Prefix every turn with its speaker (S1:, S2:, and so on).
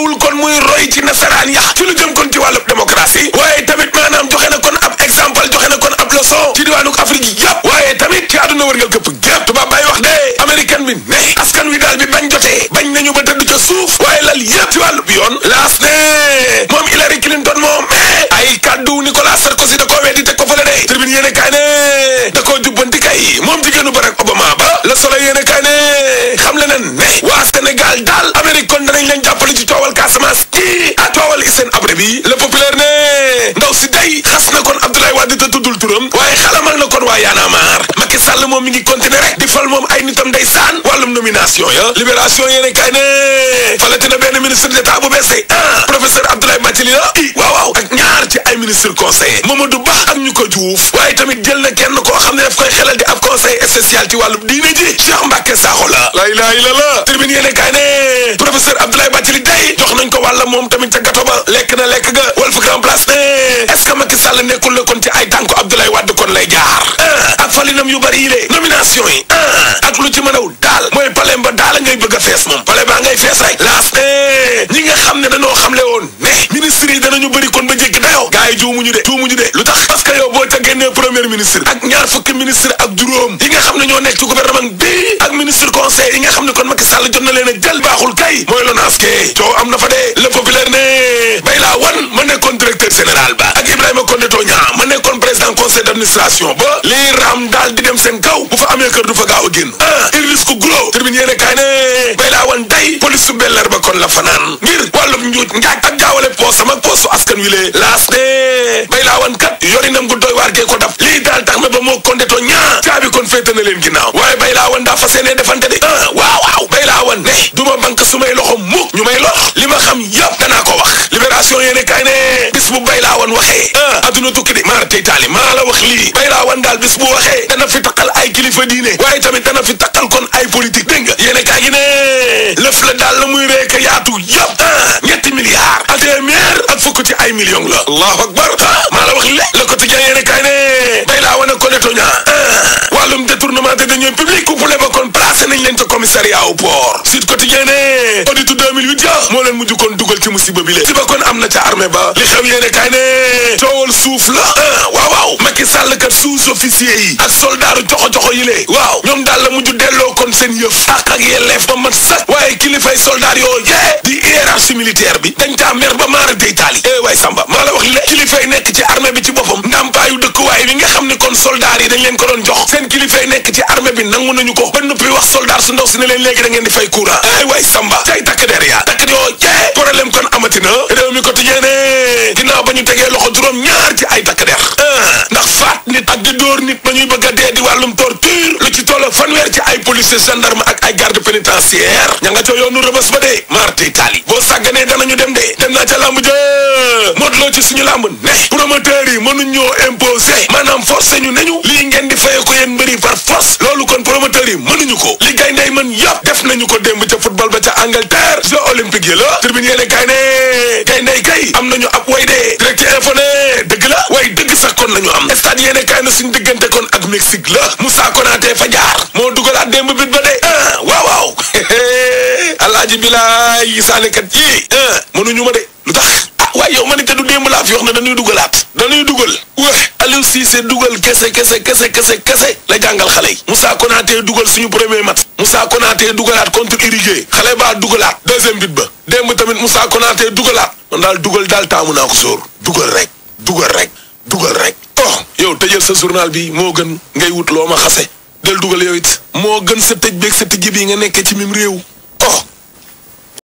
S1: terewul kon muy roy ci nasaraan yax ci waaye tamit ci diwaanu Afrique yi këpp gépp tubaab bay wax de américaine bi ne askan wi daal bi bañ jotee bañ nañu ba tëdd ca suuf waaye lal yëpp ci wàllu bi yoon laas ne moom Hillary Clinton moom ay kàddu Nicolas Sarkozy da koo weddi ko fële tribune yéene kaay ne da koo jubbanti kay moom Obama ba le soleil xam leneen ne waa Sénégal daal Amérique kon danañ leen jàpp coowal Casamance gi ak coowal Hissène Habré bi le populaire ne ndaw si day xas na kon Abdoulaye Wade te tuddul waaye xalamal na kon waa Yaana Maar Macky Sall moom mi ngi di fal moom ay nitam nday saan wàllum nomination ya libération yéene kay ne falati na ministre d'état bu bees ah professeur Abdoulaye Mathily la i waaw waaw ak ñaar ci ay ministre conseiller ñu ko juuf waaye tamit jël na kenn koo xam ne daf koy xelal di ab conseil spécial ci wàllu diine ji Cheikh Mbacke Sakho la la ilaha illa la tribune yéene kaay ne professeur Abdoulaye Bathily day jox nañ ko wàlla moom tamit ca gato ba lekk na lekk ga Walf Grand Place ne est-ce que nekkul la kon ci ay tànku Abdoulaye Wade kon lay jaar ak falinam yu bari yi lé nomination yi ak lu ci mën awul daal mooy palem ba daala ngay bëgg a fees moom palem baa ngay ne premier ministre ak ñaar fukki ministre ak juróom yi nga xam ne ñoo nekk ci gouvernement bi ak ministre conseil yi nga xam ne kon Macky Sall jot na leen a jël baaxul kay mooy lonaas kee coow am na fa de le populaire ne bay laa wan ma nekkoon directeur général ba ak Ibrahima Condé Tognan ma nekkoon président conseil d'administration ba lii raam daal di dem seen kaw bu fa amee kër du fa gaaw a génn ah il risque gros tribune yéene kaay ne bay kon la fanaan ngir wàllum njuuj njaaj sama poosu askan wi lee laas ne tiwaawan kat yorinam gu ko dab lii daal tax na ba moo kondeto ñaa caabi kon féete na leen ginnaaw waaye bay laa fa seenee defante de ah waaw waaw bay ne du ma banque su may loxo mukk ñu may lox li ma xam yëpp danaa ko wax libération yéene kaay ne bis bu bay laa wan waxee ah adduna tukki de maar tey taali maa la wax lii bay laa wan daal bis bu waxee dana fi takkal ay kilifa diine waaye tamit dana fi takkal kon ay politique dégg nga yéene kaay ne lëf la daal la muy reeka yaatu yëpp ah ñetti milliards ak téeméer ak fukk la wax le le quotidien yéene kaay ne day laa wane ko ne toña ah, wàllum détournement de deniers publics couple ba kon placé nañ leen ca commissariat au port Sud Quotidien ne auditu 2008 ja moo leen mujj kon dugal ci musiba bi le si ba kon am na ca armée ba li xew yéene kaay ne coowal suuf la ah, waaw waaw Macky sàll kat sous-officier yi ak soldaaru joxo coxo yi lée waaw ñoom daal la mujj delloo kon seen yëf ak ak yelleef ba mat sax waaye kilifay soldaar yoo jee di hiérarchie militaire wax la kilifay nekk ci armée bi ci boppam ndàmpaayu dëkkuwaay bi nga xam ni kon soldaar yi dañ leen ko doon jox seen kilifay nekk ci armee bi nangu nañu ko ba noppi wax soldaar su ndaw si ne leen léegi da ngeen di fay courant ay waay samba tay takk der yaa takk yoo jee problème amatina réew mi ko tijee ne ginnaaw ba ñu tegee loxo juróom ñaar ci ay takk der ah. nit ak di dóor nit ba ñuy bëgg a dee di wàllum torture lu ci toll fanweer ci ay policiers gendarme ak ay garde pénitentiaire ña nga yoonu rëbës ba dee marti tali boo sàgganee danañu dem dee dem naa ca làmb ja Modou Lo ci suñu làmb ne promoteur yi mënuñ ñoo imposer maanaam forcé ñu nañu lii ngeen di fayee ko yéen mbëri par force loolu kon promoteur yi mënuñu ko li gay mën yëpp def nañu ko démb ca football ba ca Angleterre jeux olympiques yi la nee suñu diggante kon ak Mexique la Moussa Konaté fa jaar moo dugalaat démb bit ba de ah waaw waaw alaaji bilaay yi saanekat yi mënuñu ma de lu tax ah waaye yow ma ni te du démb laa fi wax ne dañuy dugalaat dañuy dugal wa Aliou Cissé dugal kese kese kese kese kese la jàngal xale yi Moussa Konaté dugal suñu premier match Moussa Konaté dugalaat contre Uruguay xale baa dugalaat deuxième bit ba démb tamit Moussa Konaté dugalaat man daal dugal daal taamu naa ko sóor dugal rek dugal rek dugal rek yow tëjal sa journal bi moo gën ngay wut loo ma xase del dugal yow it moo gën sa tëj beeg sa tijji bi nga nekkee ci mim réew